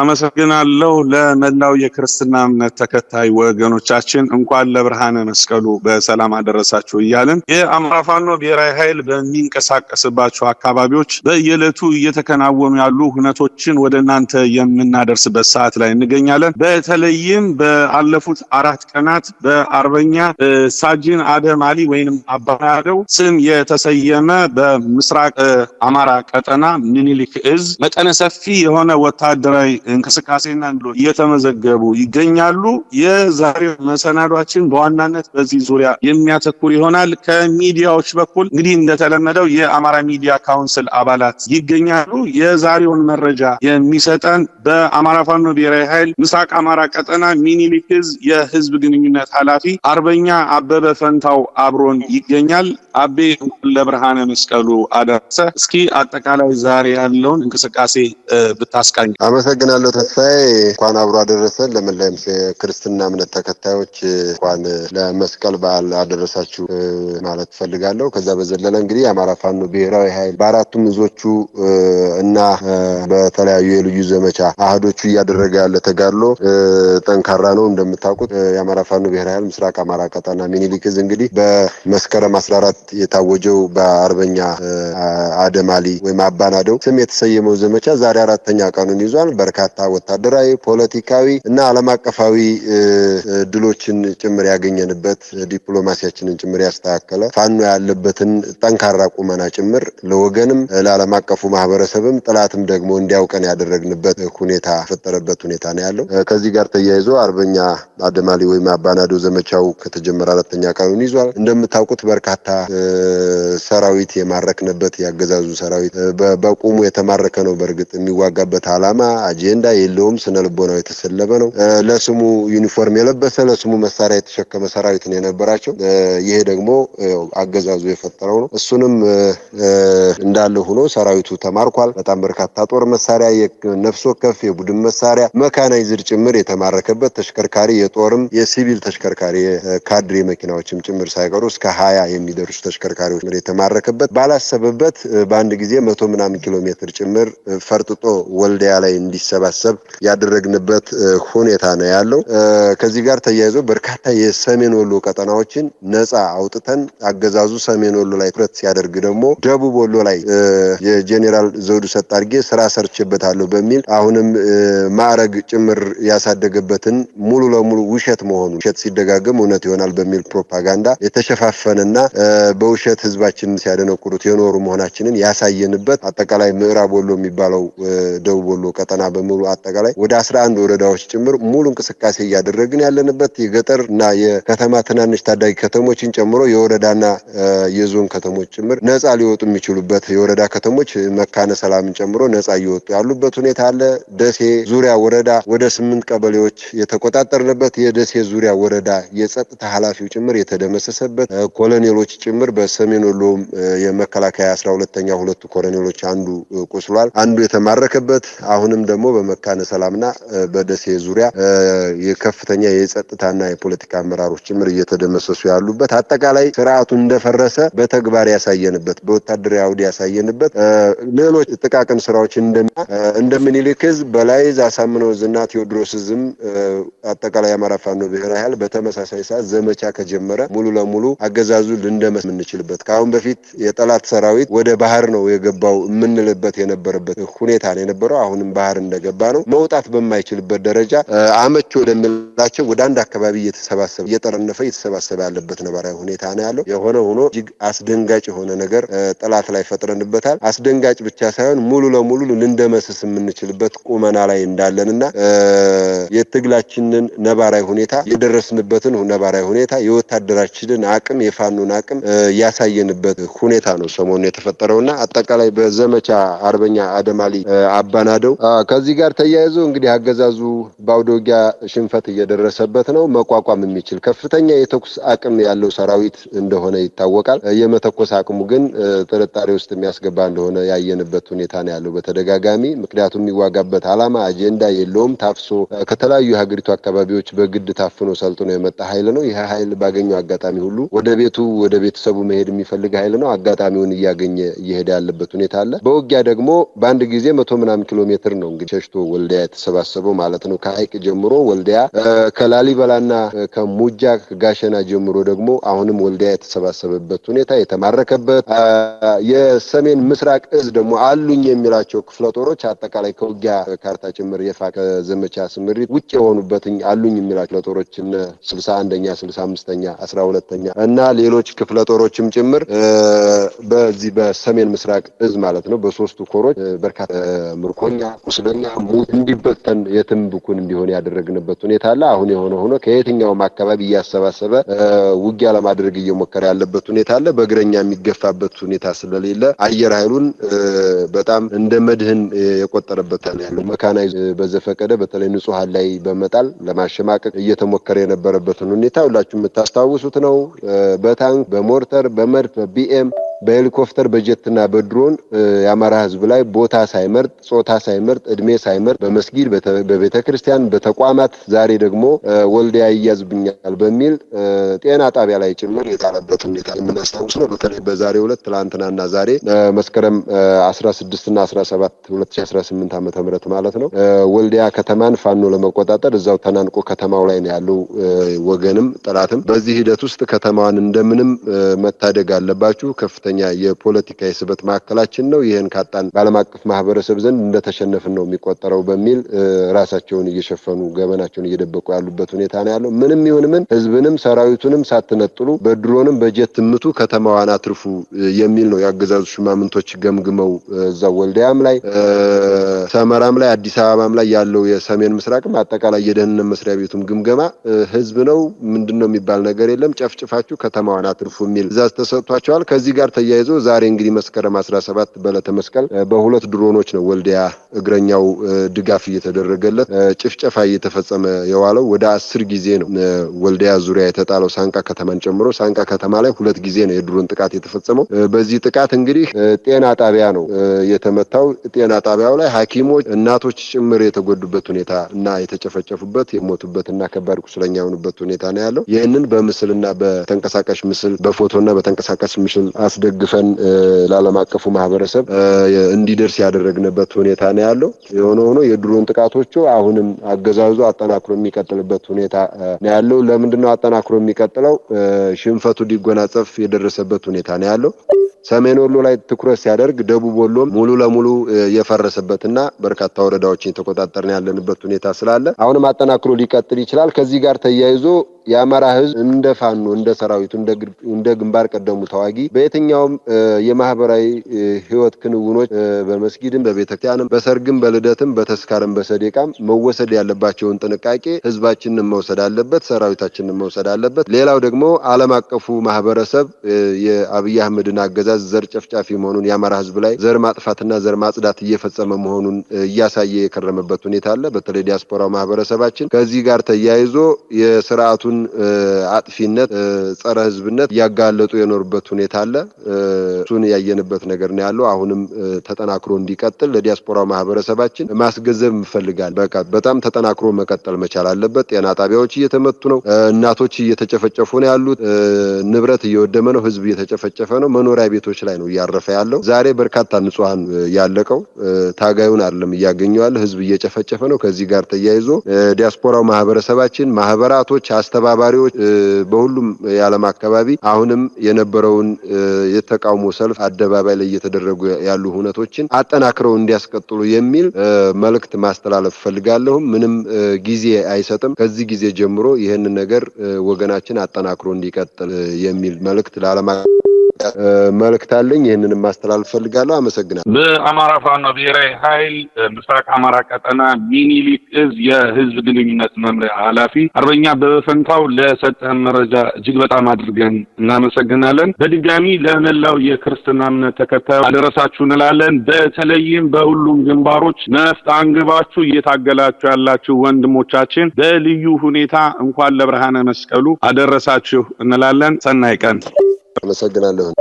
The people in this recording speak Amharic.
አመሰግናለሁ። ለመላው የክርስትና እምነት ተከታይ ወገኖቻችን እንኳን ለብርሃነ መስቀሉ በሰላም አደረሳችሁ እያልን የአማራ ፋኖ ብሔራዊ ኃይል በሚንቀሳቀስባቸው አካባቢዎች በየዕለቱ እየተከናወኑ ያሉ ሁነቶችን ወደ እናንተ የምናደርስበት ሰዓት ላይ እንገኛለን። በተለይም በአለፉት አራት ቀናት በአርበኛ ሳጅን አደም አሊ ወይም አባናደው ስም የተሰየመ በምስራቅ አማራ ቀጠና ምኒልክ እዝ መጠነ ሰፊ የሆነ ወታደራዊ ማህበራዊ እንቅስቃሴና እየተመዘገቡ ይገኛሉ። የዛሬው መሰናዷችን በዋናነት በዚህ ዙሪያ የሚያተኩር ይሆናል። ከሚዲያዎች በኩል እንግዲህ እንደተለመደው የአማራ ሚዲያ ካውንስል አባላት ይገኛሉ። የዛሬውን መረጃ የሚሰጠን በአማራ ፋኖ ብሔራዊ ኃይል ምስራቅ አማራ ቀጠና ሚኒሊክ እዝ የህዝብ ግንኙነት ኃላፊ አርበኛ አበበ ፈንታው አብሮን ይገኛል። አቤ ለብርሃነ መስቀሉ አደረሰ። እስኪ አጠቃላይ ዛሬ ያለውን እንቅስቃሴ ብታስቃኝ። አመሰግናለሁ ተስፋዬ። እንኳን አብሮ አደረሰን። ለመላው የክርስትና እምነት ተከታዮች እንኳን ለመስቀል በዓል አደረሳችሁ ማለት ፈልጋለሁ። ከዛ በዘለለ እንግዲህ የአማራ ፋኖ ብሔራዊ ኃይል በአራቱም እዞቹ እና በተለያዩ የልዩ ዘመቻ አህዶቹ እያደረገ ያለ ተጋድሎ ጠንካራ ነው። እንደምታውቁት የአማራ ፋኖ ብሔራዊ ኃይል ምስራቅ አማራ ቀጠና ሚኒሊክ እዝ እንግዲህ በመስከረም አስራ አራት የታወጀው በአርበኛ አደማሊ ወይም አባናደው ስም የተሰየመው ዘመቻ ዛሬ አራተኛ ቀኑን ይዟል። በርካታ ወታደራዊ፣ ፖለቲካዊ እና ዓለም አቀፋዊ ድሎችን ጭምር ያገኘንበት ዲፕሎማሲያችንን ጭምር ያስተካከለ ፋኖ ያለበትን ጠንካራ ቁመና ጭምር ለወገንም ለዓለም አቀፉ ማህበረሰብም ጥላትም ደግሞ እንዲያውቀን ያደረግንበት ሁኔታ ፈጠረበት ሁኔታ ነው ያለው። ከዚህ ጋር ተያይዞ አርበኛ አደማሊ ወይም አባናዶ ዘመቻው ከተጀመረ አራተኛ ቀኑን ይዟል። እንደምታውቁት በርካታ ሰራዊት የማረክንበት ያገዛዙ ሰራዊት በቁሙ የተማረከ ነው። በእርግጥ የሚዋጋበት አላማ። አጀንዳ የለውም። ስነልቦናው የተሰለበ ነው። ለስሙ ዩኒፎርም የለበሰ ለስሙ መሳሪያ የተሸከመ ሰራዊት ነው የነበራቸው። ይሄ ደግሞ አገዛዙ የፈጠረው ነው። እሱንም እንዳለ ሆኖ ሰራዊቱ ተማርኳል። በጣም በርካታ ጦር መሳሪያ፣ የነፍስ ወከፍ፣ የቡድን መሳሪያ፣ መካናይዝድ ጭምር የተማረከበት ተሽከርካሪ፣ የጦርም የሲቪል ተሽከርካሪ፣ የካድሬ መኪናዎችም ጭምር ሳይቀሩ እስከ ሀያ የሚደርሱ ተሽከርካሪዎች የተማረከበት ባላሰበበት በአንድ ጊዜ መቶ ምናምን ኪሎ ሜትር ጭምር ፈርጥጦ ወልዲያ ላይ እንዲ እንዲሰባሰብ ያደረግንበት ሁኔታ ነው ያለው። ከዚህ ጋር ተያይዞ በርካታ የሰሜን ወሎ ቀጠናዎችን ነፃ አውጥተን አገዛዙ ሰሜን ወሎ ላይ ትኩረት ሲያደርግ ደግሞ ደቡብ ወሎ ላይ የጄኔራል ዘውዱ ሰጣርጌ ስራ ሰርችበታለሁ በሚል አሁንም ማዕረግ ጭምር ያሳደገበትን ሙሉ ለሙሉ ውሸት መሆኑ ውሸት ሲደጋገም እውነት ይሆናል በሚል ፕሮፓጋንዳ የተሸፋፈነና በውሸት ህዝባችን ሲያደነቁሩት የኖሩ መሆናችንን ያሳየንበት አጠቃላይ ምዕራብ ወሎ የሚባለው ደቡብ ወሎ ቀጠና በሙሉ አጠቃላይ ወደ አስራ አንድ ወረዳዎች ጭምር ሙሉ እንቅስቃሴ እያደረግን ያለንበት የገጠር እና የከተማ ትናንሽ ታዳጊ ከተሞችን ጨምሮ የወረዳና የዞን ከተሞች ጭምር ነፃ ሊወጡ የሚችሉበት የወረዳ ከተሞች መካነ ሰላምን ጨምሮ ነፃ እየወጡ ያሉበት ሁኔታ አለ። ደሴ ዙሪያ ወረዳ ወደ ስምንት ቀበሌዎች የተቆጣጠርንበት የደሴ ዙሪያ ወረዳ የጸጥታ ኃላፊው ጭምር የተደመሰሰበት ኮሎኔሎች ጭምር በሰሜን ወሎ የመከላከያ አስራ ሁለተኛ ሁለቱ ኮሎኔሎች አንዱ ቆስሏል፣ አንዱ የተማረከበት አሁንም ደግሞ በመካነ ሰላምና በደሴ ዙሪያ የከፍተኛ የጸጥታና የፖለቲካ አመራሮች ጭምር እየተደመሰሱ ያሉበት አጠቃላይ ስርዓቱ እንደፈረሰ በተግባር ያሳየንበት በወታደራዊ አውድ ያሳየንበት ሌሎች ጥቃቅን ስራዎች እንደምኒልክ ህዝብ በላይ አሳምነው እዝና ቴዎድሮስ ዝም አጠቃላይ አማራ ፋኖ ብሔራዊ ኃይል በተመሳሳይ ሰዓት ዘመቻ ከጀመረ ሙሉ ለሙሉ አገዛዙ ልንደመስ የምንችልበት ከአሁን በፊት የጠላት ሰራዊት ወደ ባህር ነው የገባው የምንልበት የነበረበት ሁኔታ ነው የነበረው። አሁንም ባህር እንደገባ ነው። መውጣት በማይችልበት ደረጃ አመች ወደሚላቸው ወደ አንድ አካባቢ እየተሰባሰበ እየጠረነፈ እየተሰባሰበ ያለበት ነባራዊ ሁኔታ ነው ያለው። የሆነ ሆኖ እጅግ አስደንጋጭ የሆነ ነገር ጠላት ላይ ፈጥረንበታል። አስደንጋጭ ብቻ ሳይሆን ሙሉ ለሙሉ ልንደመስስ የምንችልበት ቁመና ላይ እንዳለንና የትግላችንን ነባራዊ ሁኔታ የደረስንበትን ነባራዊ ሁኔታ የወታደራችንን አቅም የፋኑን አቅም ያሳየንበት ሁኔታ ነው ሰሞኑን የተፈጠረውና አጠቃላይ በዘመቻ አርበኛ አደማሊ አባናደው ከዚህ ጋር ተያይዞ እንግዲህ አገዛዙ በአውደ ውጊያ ሽንፈት እየደረሰበት ነው። መቋቋም የሚችል ከፍተኛ የተኩስ አቅም ያለው ሰራዊት እንደሆነ ይታወቃል። የመተኮስ አቅሙ ግን ጥርጣሬ ውስጥ የሚያስገባ እንደሆነ ያየንበት ሁኔታ ነው ያለው በተደጋጋሚ ምክንያቱም የሚዋጋበት ዓላማ አጀንዳ የለውም። ታፍሶ ከተለያዩ የሀገሪቱ አካባቢዎች በግድ ታፍኖ ሰልጥኖ የመጣ ኃይል ነው። ይህ ኃይል ባገኘው አጋጣሚ ሁሉ ወደ ቤቱ ወደ ቤተሰቡ መሄድ የሚፈልግ ኃይል ነው። አጋጣሚውን እያገኘ እየሄደ ያለበት ሁኔታ አለ። በውጊያ ደግሞ በአንድ ጊዜ መቶ ምናምን ኪሎ ሜትር ነው እንግዲህ ሸሽቶ ወልዲያ የተሰባሰበው ማለት ነው። ከሀይቅ ጀምሮ ወልዲያ፣ ከላሊበላና ከሙጃ ጋሸና ጀምሮ ደግሞ አሁንም ወልዲያ የተሰባሰበበት ሁኔታ የተማረከበት የሰሜን ምስራቅ እዝ ደግሞ አሉኝ የሚላቸው ክፍለ ጦሮች አጠቃላይ ከውጊያ ካርታ ጭምር የፋ ከዘመቻ ስምሪት ውጭ የሆኑበት አሉኝ የሚላቸው ክፍለ ጦሮች ስልሳ አንደኛ ስልሳ አምስተኛ አስራ ሁለተኛ እና ሌሎች ክፍለ ጦሮችም ጭምር በዚህ በሰሜን ምስራቅ እዝ ማለት ነው በሶስቱ ኮሮች በርካታ ምርኮኛ ቁስለ እና ሙት እንዲበተን የትም ብኩን እንዲሆን ያደረግንበት ሁኔታ አለ። አሁን የሆነ ሆኖ ከየትኛውም አካባቢ እያሰባሰበ ውጊያ ለማድረግ እየሞከረ ያለበት ሁኔታ አለ። በእግረኛ የሚገፋበት ሁኔታ ስለሌለ አየር ኃይሉን በጣም እንደ መድህን የቆጠረበት ያለው መካናይ በዘፈቀደ በተለይ ንጹሐን ላይ በመጣል ለማሸማቀቅ እየተሞከረ የነበረበትን ሁኔታ ሁላችሁ የምታስታውሱት ነው። በታንክ በሞርተር በመድፍ በቢኤም በሄሊኮፕተር በጀትና በድሮን የአማራ ህዝብ ላይ ቦታ ሳይመርጥ ጾታ ሳይመርጥ እድሜ ሳይመርጥ በመስጊድ በቤተ ክርስቲያን በተቋማት ዛሬ ደግሞ ወልዲያ ይያዝብኛል በሚል ጤና ጣቢያ ላይ ጭምር የጣለበት ሁኔታ የምናስታውስ ነው። በተለይ በዛሬ ዕለት ትላንትናና ዛሬ መስከረም 16 እና 17 2018 ዓ ም ማለት ነው ወልዲያ ከተማን ፋኖ ለመቆጣጠር እዛው ተናንቆ ከተማው ላይ ነው ያለው ወገንም ጠላትም። በዚህ ሂደት ውስጥ ከተማዋን እንደምንም መታደግ አለባችሁ ከፍተ ከፍተኛ የፖለቲካ የስበት ማዕከላችን ነው። ይህን ካጣን በዓለም አቀፍ ማህበረሰብ ዘንድ እንደተሸነፍን ነው የሚቆጠረው በሚል ራሳቸውን እየሸፈኑ ገበናቸውን እየደበቁ ያሉበት ሁኔታ ነው ያለው። ምንም ይሁን ምን ህዝብንም ሰራዊቱንም ሳትነጥሉ በድሮንም በጀት ትምቱ ከተማዋን አትርፉ የሚል ነው የአገዛዙ ሽማምንቶች ገምግመው እዛ ወልዲያም ላይ ሰመራም ላይ አዲስ አበባም ላይ ያለው የሰሜን ምስራቅም አጠቃላይ የደህንነት መስሪያ ቤቱም ግምገማ ህዝብ ነው ምንድን ነው የሚባል ነገር የለም፣ ጨፍጭፋችሁ ከተማዋን አትርፉ የሚል ትእዛዝ ተሰጥቷቸዋል። ከዚህ ጋር ተያይዞ ዛሬ እንግዲህ መስከረም 17 በዕለተ መስቀል በሁለት ድሮኖች ነው ወልዲያ እግረኛው ድጋፍ እየተደረገለት ጭፍጨፋ እየተፈጸመ የዋለው። ወደ አስር ጊዜ ነው ወልዲያ ዙሪያ የተጣለው ሳንቃ ከተማን ጨምሮ ሳንቃ ከተማ ላይ ሁለት ጊዜ ነው የድሮን ጥቃት የተፈጸመው። በዚህ ጥቃት እንግዲህ ጤና ጣቢያ ነው የተመታው። ጤና ጣቢያው ላይ ሐኪሞች እናቶች ጭምር የተጎዱበት ሁኔታ እና የተጨፈጨፉበት የሞቱበት እና ከባድ ቁስለኛ የሆኑበት ሁኔታ ነው ያለው። ይህንን በምስልና በተንቀሳቃሽ ምስል በፎቶና በተንቀሳቃሽ ምስል አስደ ደግፈን ለዓለም አቀፉ ማህበረሰብ እንዲደርስ ያደረግንበት ሁኔታ ነው ያለው። የሆነ ሆኖ የድሮን ጥቃቶቹ አሁንም አገዛዙ አጠናክሮ የሚቀጥልበት ሁኔታ ነው ያለው። ለምንድነው አጠናክሮ የሚቀጥለው? ሽንፈቱ ሊጎናጸፍ የደረሰበት ሁኔታ ነው ያለው። ሰሜን ወሎ ላይ ትኩረት ሲያደርግ ደቡብ ወሎም ሙሉ ለሙሉ የፈረሰበትና በርካታ ወረዳዎችን የተቆጣጠርን ያለንበት ሁኔታ ስላለ አሁንም አጠናክሮ ሊቀጥል ይችላል። ከዚህ ጋር ተያይዞ የአማራ ሕዝብ እንደ ፋኖ እንደ ሰራዊቱ እንደ ግንባር ቀደሙ ተዋጊ በየትኛውም የማህበራዊ ህይወት ክንውኖች በመስጊድም በቤተክርስቲያንም በሰርግም በልደትም በተስካርም በሰዴቃም መወሰድ ያለባቸውን ጥንቃቄ ሕዝባችንን መውሰድ አለበት፣ ሰራዊታችንን መውሰድ አለበት። ሌላው ደግሞ ዓለም አቀፉ ማህበረሰብ የአብይ አህመድን አገዛዝ አገዛዝ ዘር ጨፍጫፊ መሆኑን የአማራ ህዝብ ላይ ዘር ማጥፋትና ዘር ማጽዳት እየፈጸመ መሆኑን እያሳየ የከረመበት ሁኔታ አለ። በተለይ ዲያስፖራው ማህበረሰባችን ከዚህ ጋር ተያይዞ የስርዓቱን አጥፊነት፣ ጸረ ህዝብነት እያጋለጡ የኖሩበት ሁኔታ አለ። እሱን ያየንበት ነገር ነው ያለው። አሁንም ተጠናክሮ እንዲቀጥል ለዲያስፖራው ማህበረሰባችን ማስገንዘብ እንፈልጋል። በቃ በጣም ተጠናክሮ መቀጠል መቻል አለበት። ጤና ጣቢያዎች እየተመቱ ነው። እናቶች እየተጨፈጨፉ ነው ያሉት። ንብረት እየወደመ ነው። ህዝብ እየተጨፈጨፈ ነው። መኖሪያ ቤቶች ቤቶች ላይ ነው እያረፈ ያለው። ዛሬ በርካታ ንጹሐን ያለቀው ታጋዩን አይደለም እያገኘዋል፣ ህዝብ እየጨፈጨፈ ነው። ከዚህ ጋር ተያይዞ ዲያስፖራው ማህበረሰባችን፣ ማህበራቶች፣ አስተባባሪዎች በሁሉም የዓለም አካባቢ አሁንም የነበረውን የተቃውሞ ሰልፍ አደባባይ ላይ እየተደረጉ ያሉ ሁነቶችን አጠናክረው እንዲያስቀጥሉ የሚል መልእክት ማስተላለፍ ፈልጋለሁ። ምንም ጊዜ አይሰጥም። ከዚህ ጊዜ ጀምሮ ይህንን ነገር ወገናችን አጠናክሮ እንዲቀጥል የሚል መልእክት ለዓለም የኢትዮጵያ መልእክት አለኝ። ማስተላለፍ ፈልጋለሁ። አመሰግናለሁ። በአማራ ፋኖ ብሔራዊ ኃይል ምስራቅ አማራ ቀጠና ሚኒሊክ እዝ የህዝብ ግንኙነት መምሪያ ኃላፊ አርበኛ በበፈንታው ለሰጠን መረጃ እጅግ በጣም አድርገን እናመሰግናለን። በድጋሚ ለመላው የክርስትና እምነት ተከታዩ አደረሳችሁ እንላለን። በተለይም በሁሉም ግንባሮች ነፍጥ አንግባችሁ እየታገላችሁ ያላችሁ ወንድሞቻችን በልዩ ሁኔታ እንኳን ለብርሃነ መስቀሉ አደረሳችሁ እንላለን። ሰናይ ቀን አመሰግናለሁ።